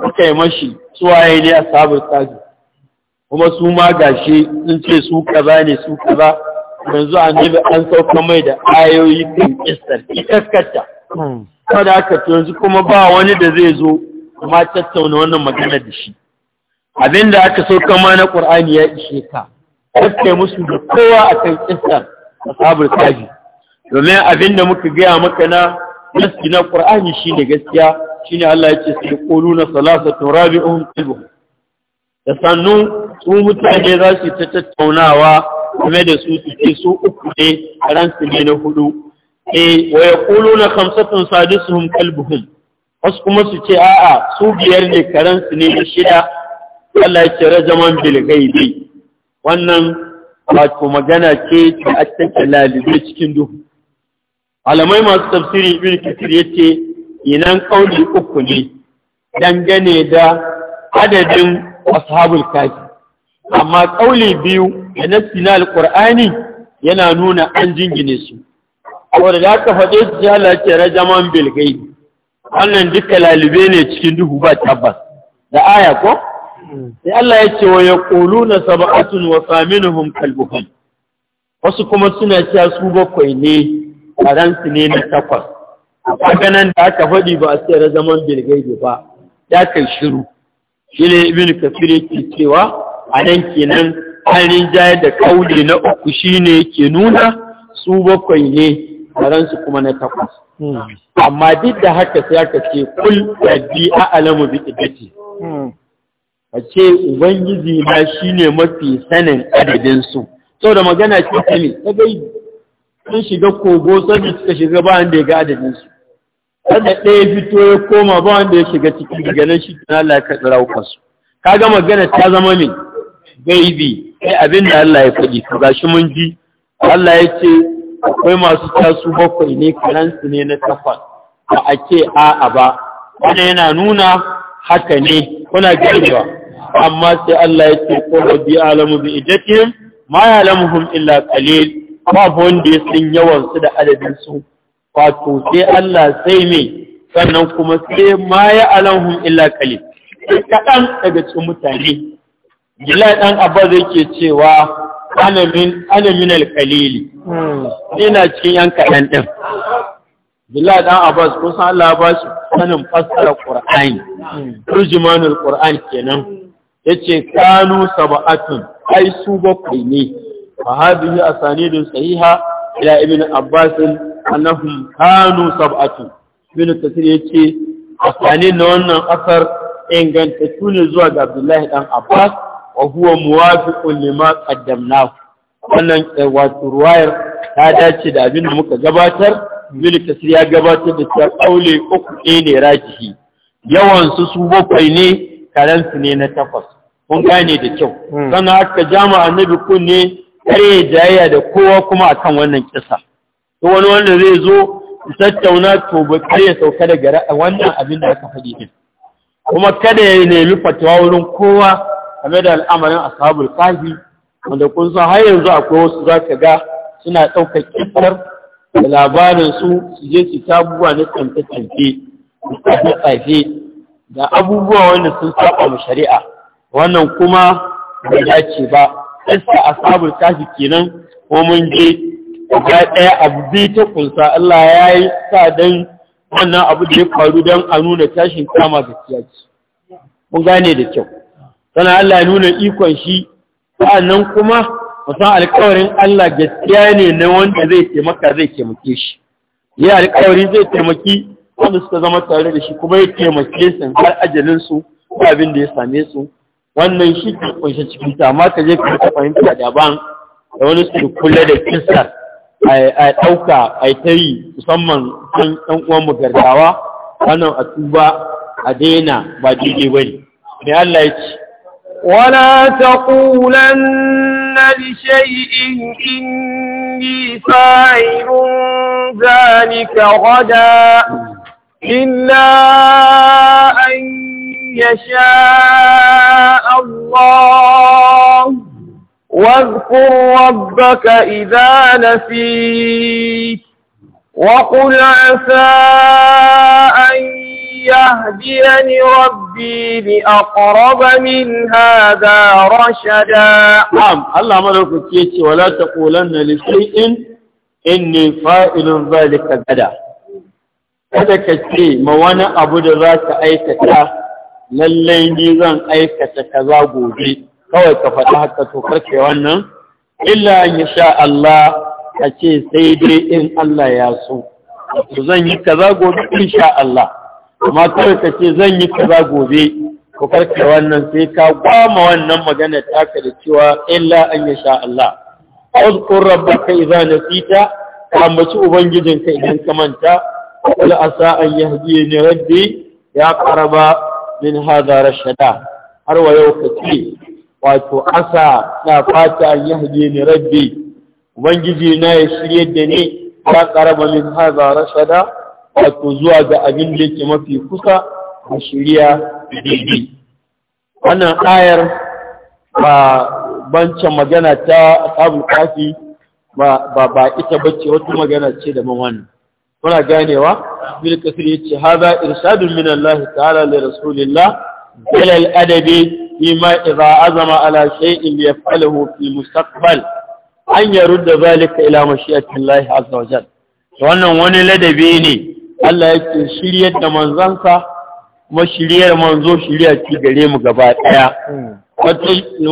suka yi mashi suwaye ne a sabon kaji kuma su ma gashi sun ce su kaza ne su kaza yanzu an jibi an sauka mai da ayoyi kan kistar kiskarta kawai hmm. da aka to yanzu kuma ba wani da zai zo kuma tattauna wannan magana da shi abinda aka sauka ma na ƙur'ani ya ishe ka kake musu da kowa a kan kisar ashabul kaji domin abin da muka gaya maka na gaskiya na shi ne gaskiya Shi ne Allah ya ce sai tun rabi ohun qalbuhum da sannu su mutane za su ta tattaunawa game da su su ce su uku ne a su ne na hudu na eh, wa yaquluna khamsatun sadisuhum qalbuhum wasu kuma su ce a'a su biyar ne karansu ne na shida Allah ya ce rajaman bilgai bai wannan wato magana ce ta attake lalibe cikin duhu Malamai masu tafsiri ibn kasir yace inan uku ne dangane da adadin ashabul kafi amma kauli biyu da na na alqur'ani yana nuna an jingine su wanda da aka faɗe su ya lace rajaman bilgai wannan duka lalibe ne cikin duhu ba tabbas da aya ko sai Allah ya ce wa yaquluna saba'atun wa saminuhum kalbuhum wasu kuma suna cewa su bakwai ne a ransu ne na takwas A ganin da aka faɗi ba a tsere zaman bilgaibe ba ya kai shiru shi ne ibn kafir yake cewa a nan kenan an rinjaye da kauli na uku shine yake nuna su bakwai ne a ransu kuma na takwas hmm. amma duk da haka sai aka ce kul a a'lamu bi ibati hmm. a ce ubangiji na shi ne mafi sanin adadinsu. Sau da magana ce ta ne ta gai sun shiga kogo saboda suka shiga ba wanda ya ga adadinsu. su ɗaya ɗaya fito ya koma ba wanda ya shiga ciki daga nan shi tana laka ka ka ga magana ta zama ne gaibi sai abin da Allah ya faɗi ga shi mun ji Allah ya ce akwai masu tasu bakwai ne karansu ne na takwas ba a ce a'a ba wannan yana nuna haka ne kuna ganewa amma sai Allah ya ce ko rabbi alamu bi idatihim ma ya'lamuhum illa qalil ba wanda ya san yawan su da adadin su wato sai Allah sai me sannan kuma sai ma ya'lamuhum illa qalil kadan daga cikin mutane Bilal dan Abbas yake cewa ana min ana min al-qalil ina cikin yan kadan din Bilal dan Abbas ko san Allah ba shi sanin fasara Qur'ani turjumanul Qur'an kenan Ya ce kanu saba'atun ai su bakwai ne A a Sani asanidun sahiha ila ibn abbas annahum kanu sab'atun ibn ce a Sani na wannan asar ingantattu ne zuwa ga abdullahi dan abbas wa huwa muwafiqun lima qaddamnahu wannan eh, wato ruwayar ta dace da abin da muka gabatar ibn kasir ya gabatar da cewa kaule uku ne rajihi yawan su su bakwai ne karensu ne na takwas kun gane da kyau hmm. sannan aka jama annabi kunne kare jayayya da kowa kuma akan wannan kisa to wani wanda zai zo tattauna to ba kare sauka daga wannan abin da aka faɗi din kuma kada ya nemi fatawa wurin kowa game da al'amarin ashabul kahfi wanda kun san har yanzu akwai wasu za ka ga suna ɗaukar kisar da labarin su su je su tabuwa na tsanke-tsanke tsafe-tsafe da abubuwa wanda sun saba mu shari'a wannan kuma bai dace ba iska ashabul kafi kenan ko mun je ga daya abu ta kunsa Allah ya yi sa dan wannan abu da ya faru dan a nuna tashin kama da kiyaci mun gane da kyau sannan Allah ya nuna ikon shi sannan kuma musan alƙawarin Allah gaskiya ne na wanda zai taimaka zai taimake shi ya alƙawari zai taimaki wanda suka zama tare da shi kuma ya taimake su har ajalin su ko abin da ya same su wannan shi ke kunshe cikin ta amma ka je ka ta fahimta daban da wani su kula da kisar a ɗauka a ta yi musamman kan ɗan uwan mu gargawa wannan a tuba a daina ba daidai ba ne me Allah ya ce ولا تقولن لشيء إني فاعل ذلك غدا إلا أن يشاء الله واذكر ربك إذا نسيت وقل عسى أن يهديني ربي لأقرب من هذا رشدا نعم الله ملك كيتي ولا تقولن لشيء إني فائل ذلك غدا kada ka ce ma wani abu da za ka aikata lallai ni zan aikata kaza gobe kawai ka faɗi haka to karke wannan illa an yi sha Allah ka ce sai dai in Allah ya so to zan yi kaza gobe in sha Allah amma kawai ka ce zan yi kaza gobe ko karke wannan sai ka gwama wannan magana taka da cewa illa an sha Allah uzkur rabbaka idza nasita ka ambaci ubangijinka idan ka manta an yi أن يهديني rabbi ya قرب min haza rashada. har wa yau kace wato asa na fata an yahdi ni rabbi ubangiji na ya shirye da ni ya karaba min haza rashada wato zuwa ga abin da yake mafi kusa a shirya daidai wannan ayar ba bancan magana ta ashabul kafi ba ba ita bace wata magana ce da man muna ganewa bil kasir yace hada irshadun min Allah ta'ala li rasulillah bil adabi bima idza azama ala shay'in yaf'aluhu fi mustaqbal an yarudda zalika ila mashi'ati Allah azza wa jalla wannan wani ladabi ne Allah yake shiryar da manzansa kuma shiryar manzo shiriya ce gare mu gaba daya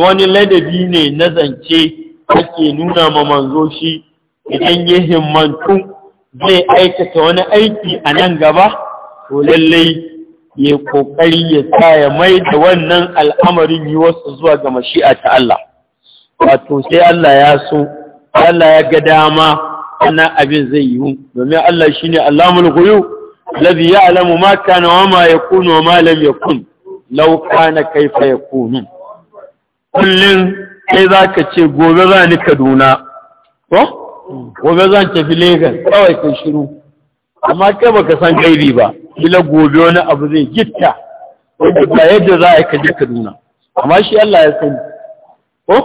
wani ladabi ne na zance ake nuna ma manzo shi idan ya himmantu zai aikata wani aiki a nan gaba to lallai ya kokari ya sa ya mai da wannan al'amarin yi wasu zuwa ga a ta Allah wato sai Allah ya so Allah ya ga dama ana abin zai yi domin Allah shi shine Allahul ghuyub ya alamu ma na wa ma yakunu wa ma lam yakun law kana ya yakunu Kullum sai ka ce gobe za ni Kaduna ko gobe zan tafi Legas kawai kai shiru amma kai baka san gaibi ba kila gobe wani abu zai gitta wanda ba yadda za a yi kaji Kaduna amma shi Allah ya sani ko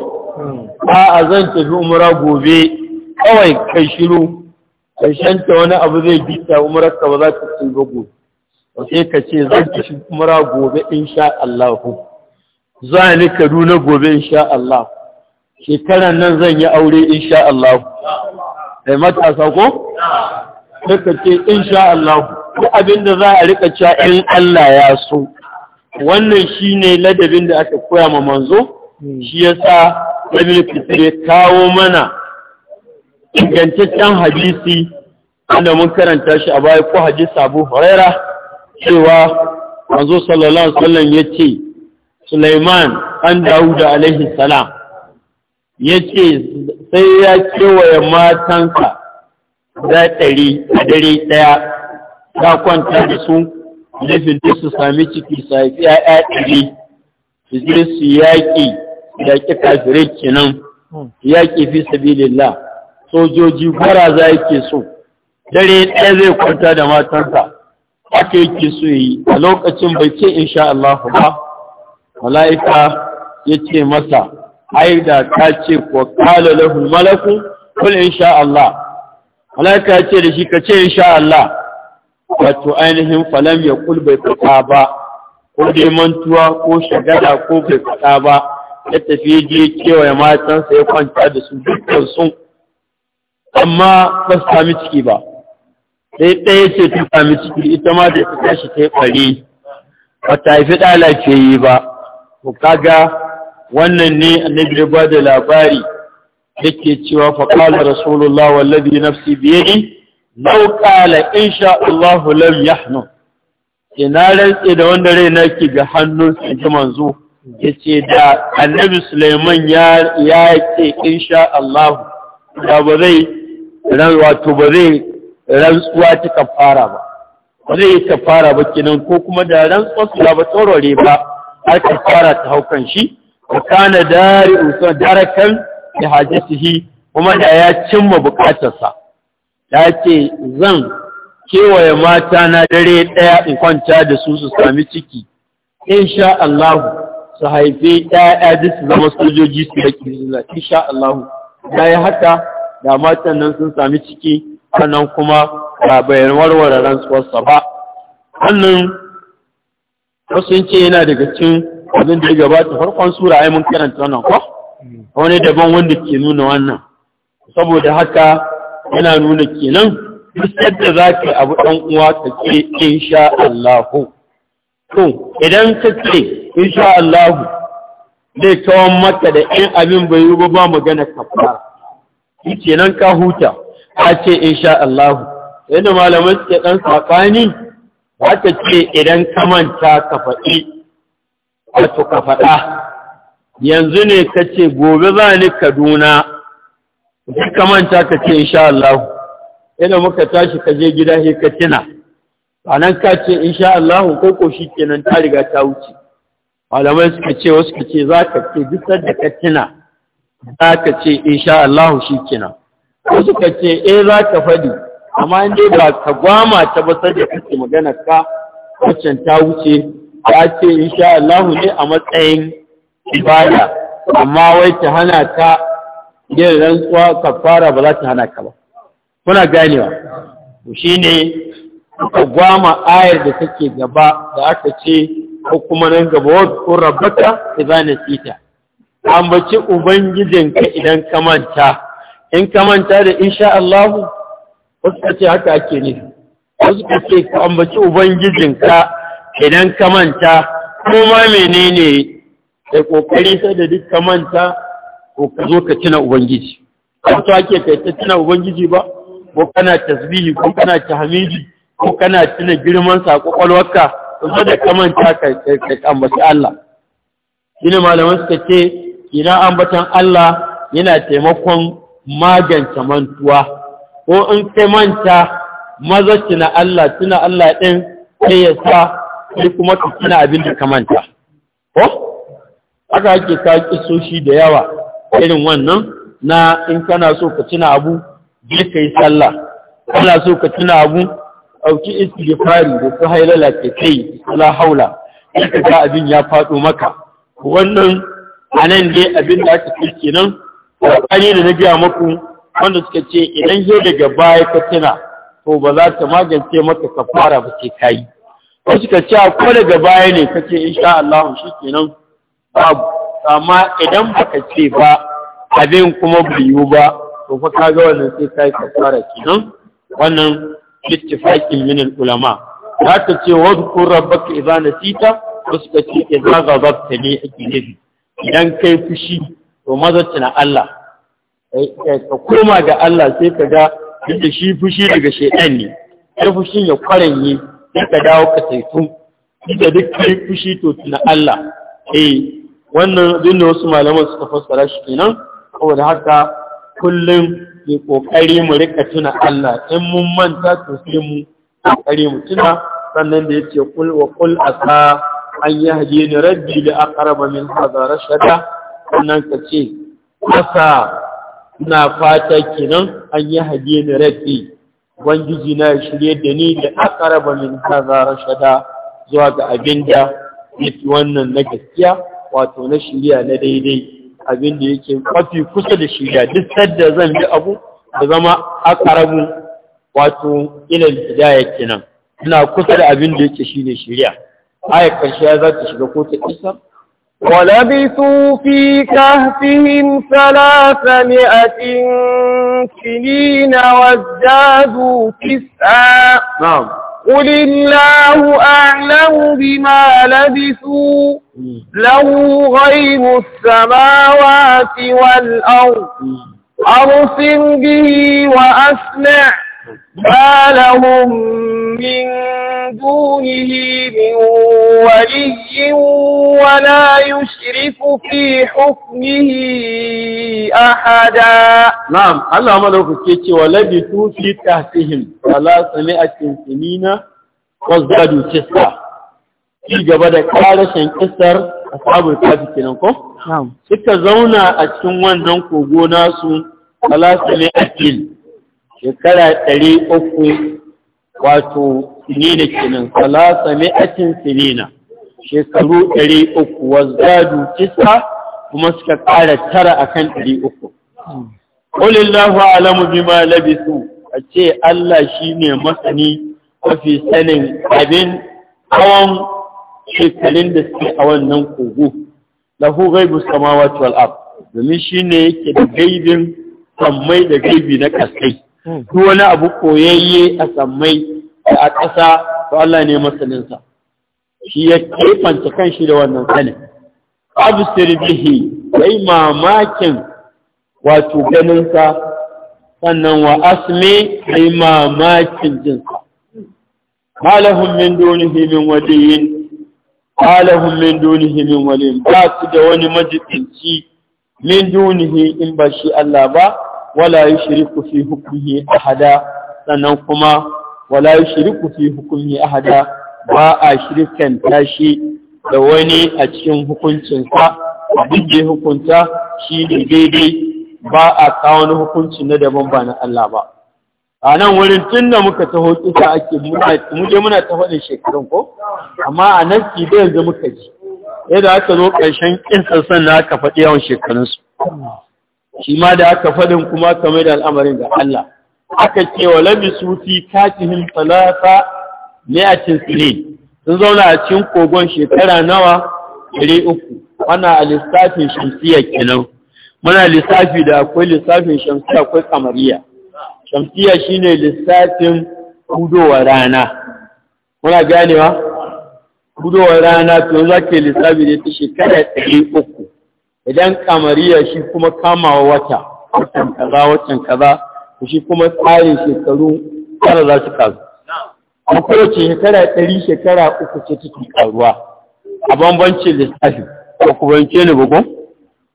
a zan tafi umara gobe kawai kai shiru ta wani abu zai gitta umrar ka ba za ka ci ba gobe sai ka ce zan tafi umara gobe insha Allah zan ni Kaduna gobe insha Allah shekaran nan zan yi aure insha Allah sai matasa ko suka ce insha Allah ko abinda za a rika cewa in Allah ya so wannan shine ladabin da aka koya ma manzo shi yasa Ibn Kathir ya kawo mana ingantaccen hadisi wanda mun karanta shi a baya ko hadisi Abu Huraira cewa manzo sallallahu alaihi wasallam yace Sulaiman an Dawud alaihi salam ya ce sai ya kewaye matansa za ɗari a dare ɗaya ta kwanta da su nufin da su sami ciki safi a ɗari su je su yaƙi yaƙi kafirai kenan yaƙi fi sabilillah sojoji gwara za yake so dare ɗaya zai kwanta da matansa haka yake so yi a lokacin bai ce insha Allah ba mala'ika ya ce masa ai ta ka ce ko kala lahu malaku kul insha Allah malaka ce da shi ka ce insha Allah wato ainihin falam ya kul bai fada ba ko dai mantuwa ko shagada ko bai fada ba ya tafi je matan matansa ya kwanta da su dukkan su amma ba su sami ciki ba sai ɗaya ce ta sami ciki ita ma da ta tashi ta yi ɓari ba ta haifi ce yi ba ko kaga wannan ne annabi ya da labari yake cewa fa qala rasulullah wallazi nafsi bi yadi law qala insha Allah lam yahnu ina rantsi da wanda rai nake ga hannun sa ji manzo yace da annabi Suleiman ya ya ce insha Allah da ba zai ran to ba zai rantsuwa ta kafara ba ba zai kafara ba kenan ko kuma da rantsuwa ba tsorore ba har kafara ta haukan shi wa kana dari'u sa darakan bi hajatihi kuma da ya cimma bukatarsa ya ce zan kewaye mata na dare ɗaya in kwanta da su su sami ciki insha Allah su haife ɗaya duk su zama sojoji su yaki zuwa insha Allah yi haka da matan nan sun sami ciki sannan kuma ba bayan warware rantsuwarsa ba wannan wasu yana daga cikin abin da ya gabata farkon sura ai mun karanta wannan ko wani daban wanda ke nuna wannan saboda haka yana nuna kenan duk yadda za ka abu ɗan uwa ka ce sha Allahu to idan ka ce sha Allahu zai kawon maka da in abin bai yi ba magana fara shi kenan ka huta ka ce sha Allahu yadda malamai suke ɗan ba ka ce idan ka manta ka faɗi wato ka faɗa yanzu ne ka ce gobe za ni kaduna ka manta ka ce insha Allah ina muka tashi ka je gida he ka tina a nan ka ce insha Allah ko ko shi kenan ta riga ta wuce malamai suka ce wasu ka ce za ka ce bisa da ka tina za ka ce insha Allah shi kenan wasu ka ce eh za ka faɗi amma inda ba ka gwama ta ba sai da kake magana ka Wacce ta wuce ta ce insha Allah ne a matsayin ibada amma wai ta hana ta yin rantsuwa kafara ba za ta hana ka ba kuna ganewa shine ka gwama ayar da take gaba da aka ce ko kuma nan gaba wadda rabbaka idza nasita ambaci ubangijinka idan ka manta in ka manta da insha Allah wasu ce haka ake ne wasu ce ka ambaci ubangijinka idan ka manta kuma menene da kokari sai da duk ka manta ko ka zo ka tuna ubangiji ba ta ake kai ta tuna ubangiji ba ko kana tasbihi ko kana hamidi ko kana tuna girman sa kwakwalwarka zo da ka manta ka ka ambaci Allah shine malaman suka ce idan ambatan Allah yana taimakon magance mantuwa ko in kai manta maza tuna Allah tuna Allah din sai ya sa sai kuma ka tuna abin da ka manta ko Aka haƙe ka soshi da yawa irin wannan na in kana so ka tuna abu je ka yi sallah kana so ka tuna abu ɗauki istighfari da su hailala ke kai ala haula ka ga abin ya faɗo maka wannan anan dai abin da aka fi kenan ƙarƙani da na biya maku wanda suka ce idan yau daga baya ka tuna to ba za ta magance maka ka fara ba ka kayi ko suka ce ah, ko daga baya ne kace insha Allah shi kenan babu amma idan baka ce ba abin kuma bai yiwu ba to fa kaga wannan sai kai ka fara kenan wannan ittifaqin min ulama ta ce wa zkur rabbaka idza nasita ko suka ce idza ghadabta ne ajlihi idan kai fushi to maza na Allah eh, eh, ka koma ga Allah sai ka ga duk shi fushi daga shedan ne sai fushin ya kwaranye sai ka dawo ka saitu da duk kai fushi to tuna Allah eh wannan da wasu malaman suka fassara shi kenan saboda haka kullum ke kokari mu rika tuna Allah in mun manta to sai mu kokari mu tuna sannan da yace kul wa kul asa an yahdini rabbi li aqraba min hadha rashada sannan ka ce asa ina fata kenan an yi yahdini rabbi ubangiji na ya shirye da ni da akaraba min kaza rashada zuwa ga abin ya yake wannan na gaskiya wato na shirya na daidai abin da yake mafi kusa da shirya duk sadda zan bi abu da zama akarabu wato gida ya kenan ina kusa da abin da yake shine shirya ayat karshe za ta shiga ko ta isa ولبثوا في كهفهم ثلاثمائة سنين وازدادوا تسعا نعم قل الله أعلم بما لبثوا له غيب السماوات والأرض أرسم به وأسمع ما لهم من دونه من ولي ولا يشرك في حكمه أحدا نعم الله ملوك كيتي ولبثوا في تحتهم ثلاثمائة سنين وازدادوا تسعة في gaba da ƙarashin ƙisar ashabul kafi kenan ko? Suka zauna a cikin wannan kogo nasu alasane shekara ɗari uku wato sinina kenan salasa mi'atin sinina shekaru ɗari uku wazzadu tisa kuma suka ƙara tara akan ɗari uku lafa alamu bima labisu a ce Allah shi ne masani mafi sanin abin tsawon shekarun da suke a wannan kogo lahu gaibu samawa 12 domin shi ne yake da gaibin sammai da gaibi na ƙasai duk wani abu koyayye a sammai da a ƙasa to Allah ne masaninsa shi ya kan shi da wannan sanin absir bihi kai mamakin wato ganinsa sannan wa asme kai mamakin jinsa malahum min dunihi min waliyin malahum min doni himin ba su da wani majibinci min doni in ba shi Allah ba wala shiriku fi hukmihi ahada sannan kuma wala shiriku fi hukmihi ahada ba a shirikan tashi da wani a cikin hukuncinsa duk da hukunta shi ne daidai ba a kawo na hukunci na daban ba na Allah ba a nan wurin tun da muka taho kisa ake muje muna ta faɗin shekarun ko amma a nan ki da yanzu muka ji yadda aka zo ƙarshen kinsa sannan aka faɗi yawan shekarunsu shi ma da aka faɗin kuma kame da al'amarin ga Allah aka ce wa labisu fi katihim a cin sinin sun zauna a cikin kogon shekara nawa ɗari uku ana a lissafin shamsiya kenan muna lissafi da akwai lissafin shamsiya akwai kamariya shamsiya shine lissafin hudowa rana muna ganewa hudowa rana to za ke lissafi da ta shekara ɗari uku idan kamariya shi kuma kamawa wata watan kaza watan kaza shi kuma tsarin shekaru tara za su kazu a kowace shekara ɗari shekara uku ce take karuwa a bambancin lissafi ko ku bance ni ba ko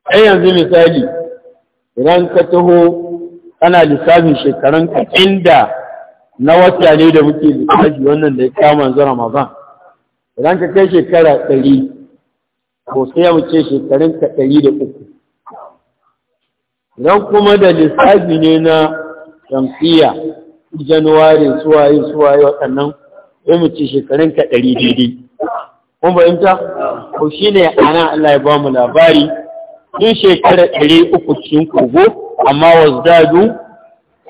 ɗan yanzu misali idan ka taho kana lissafin shekarun ka inda na wata ne da muke lissafi wannan da ya kama yanzu ramadan idan ka kai shekara ɗari ko sai ya wuce shekarun ka ɗari da uku idan kuma da lissafi ne na jam'iyya januwari suwaye suwaye waɗannan sai mu shekarun ka ɗari daidai kun fahimta ko shi ne a nan Allah ya ba mu labari tun shekara ɗari uku cikin kogo amma dadu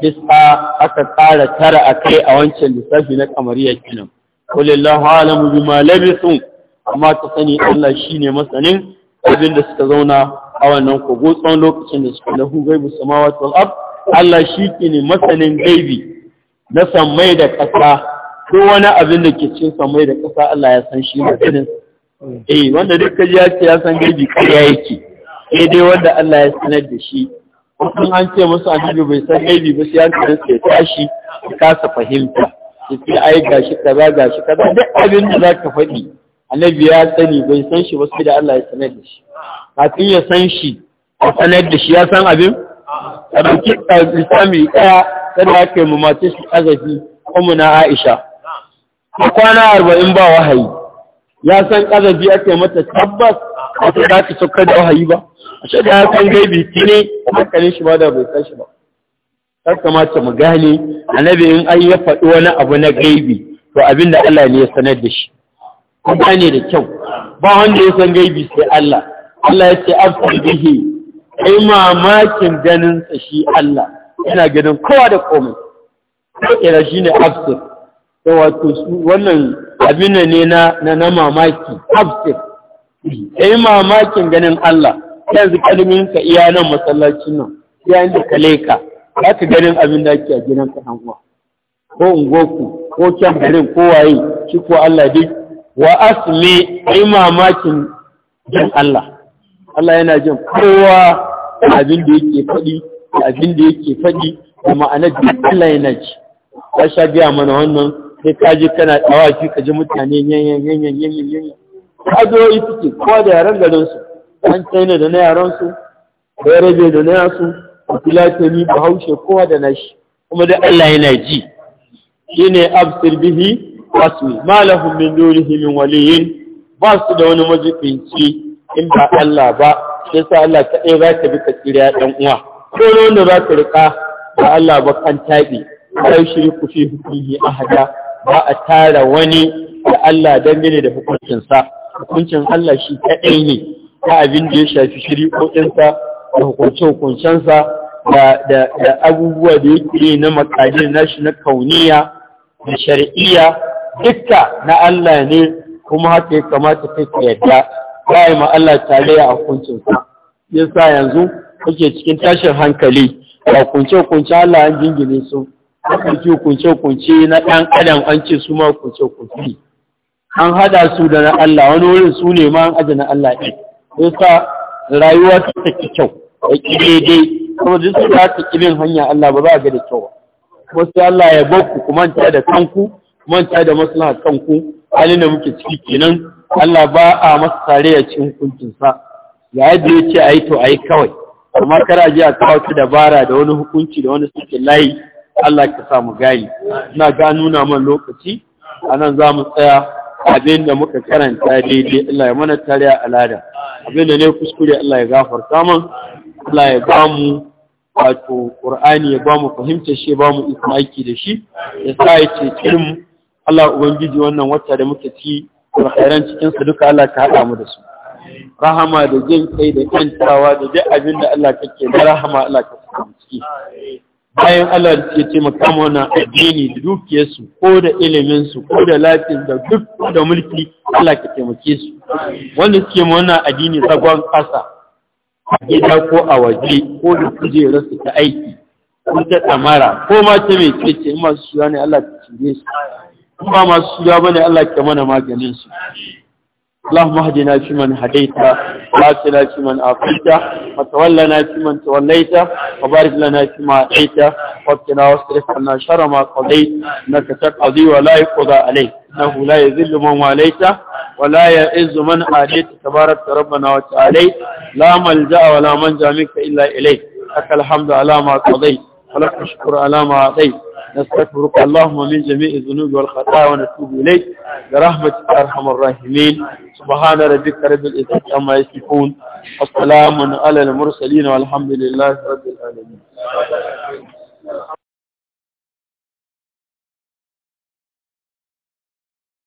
lissa aka ƙara tara a kai a wancan lissafi na kamar yakinan kulillahu alamu malabi sun. amma ka sani Allah shi ne masanin abin da suka zauna a wannan kogo tsawon lokacin da suka lahu gaibu samawati wal ard Allah shi ke ne masanin gaibi na samai da ƙasa ko wani abin da ke cikin samai da ƙasa Allah ya san shi masanin eh wanda duk kaji ya ce ya san gaibi ƙarya yake sai dai wanda Allah ya sanar da shi in an ce musu annabi bai san gaibi ba sai an kare su ya tashi ya kasa fahimta sai ai gashi kaza gashi kaza duk abin da zaka faɗi annabi ya sani bai san shi ba sai da Allah ya sanar da shi kafin ya san shi ya sanar da shi ya san abin a ɗauki lissami ɗaya sai da kai mu mace shi azafi kuma na Aisha a kwana arba'in ba wahayi ya san azafi ake mata tabbas a ta za ta saukar da wahayi ba a ce da ya san gaibi tuni, a hankalin shi ba da bai san shi ba kar kamata mu gane annabi in an ya faɗi wani abu na gaibi to abin da Allah ne ya sanar da shi kun gane da kyau ba wanda ya san gaibi sai Allah Allah ya ce afsir bihi kai mamakin ganin sa shi Allah yana ganin kowa da komai kira shine afsir to wato wannan abin ne na na mamaki afsir kai mamakin ganin Allah yanzu kalmin ka iya nan masallacin nan ya inda kale ka za ka ganin abin da ake a gidan ka uwa ko ungoku ko kyan garin ko waye shi ko Allah dai wa asli ai mamakin jin Allah Allah yana jin kowa abin da yake faɗi da abin da yake faɗi da ma'anar da Allah yana ji ya sha biya mana wannan sai ka kana tsawaki, ka ji mutane yanyan yanyan yanyan yanyan yi suke kowa da yaran garin su an tsaina da na yaran su da ya rage da na yasu filatani bahaushe kowa da nashi kuma da Allah yana ji ne absir bihi asmi ma lahum min dunihi waliyin ba su da wani majibinci in ba Allah ba sai sa Allah kaɗai za ka bi ka tsira ɗan uwa ko wanda za ka riƙa ba Allah ba kan taɓi kai ku fi hukunci ahada ba a tara wani da Allah dangane da hukuncinsa hukuncin Allah shi kaɗai ne ta abin da ya shafi shirikokinsa da hukunce-hukuncensa da abubuwa da yake na makadin nashi na kauniya da shari'iyya dukka na Allah ne kuma haka ya kamata kai ka yadda ba ma Allah tare a hukuncinsa yasa yanzu kake cikin tashin hankali a kunce-kunce Allah an jingine su hukunci hukunce-hukunce na ɗan adam an ce su ma hukunce-hukunce an hada su da na Allah wani wurin su ne ma an aji na Allah ɗin yasa rayuwa ta take kyau a daidai kuma duk su ta ta hanya Allah ba za a ga da kyau ba wasu Allah ya bakku kuma ta da kanku manta da maslaha ku halin da muke ciki kenan Allah ba a masa tare ya cin sa ya yadda ya ce a yi to a kawai amma a ji a kawo ta dabara da wani hukunci da wani suke layi Allah ka mu gani ina ga nuna man lokaci anan nan za mu tsaya abin da muka karanta daidai Allah ya mana tare a alada abin da ne kuskure Allah ya gafarta man Allah ya ba mu wato Qur'ani ya ba mu fahimta shi ba mu aiki da shi ya sa ya ce mu Allah ubangiji wannan wata da muke ci alkhairan cikin su duka Allah ka haɗa mu da su rahama da jin kai da kyantawa da duk abin da Allah kake da rahama Allah ka saka mu ciki bayan Allah ke ce makamu wannan addini da dukiyarsu ko da iliminsu su ko da lafiyar da duk da mulki Allah ka taimake su wanda suke mu wannan addini zagon kasa gida ko a waje ko da kujerar su ta aiki ko ta tsamara ko ma ta mai ce masu shiwa ne Allah ta cire su Kuma ba masu suya ba ne Allah ke mana maganin su. Allah mahadi na fi man hadaita, Allah ce na fi man afirka, matawalla na fi man tawallaita, mabarikla na fi man haɗaita, wata na wasu rikon na shara ma kwalai na ka ta ƙazi wa layi ko za a lai, na hula ya zillu man walaita, wa layi ya izu man haɗaita ta barar ta rabba na wata alai, la mal ja wa man jami ka illa ilai, aka alhamdu alama kwalai, alaka shukuru alama haɗai, نستغفرك اللهم من جميع الذنوب والخطايا ونتوب إليك برحمتك أرحم الراحمين سبحان ربك رب العزة عما يصفون والسلام على المرسلين والحمد لله رب العالمين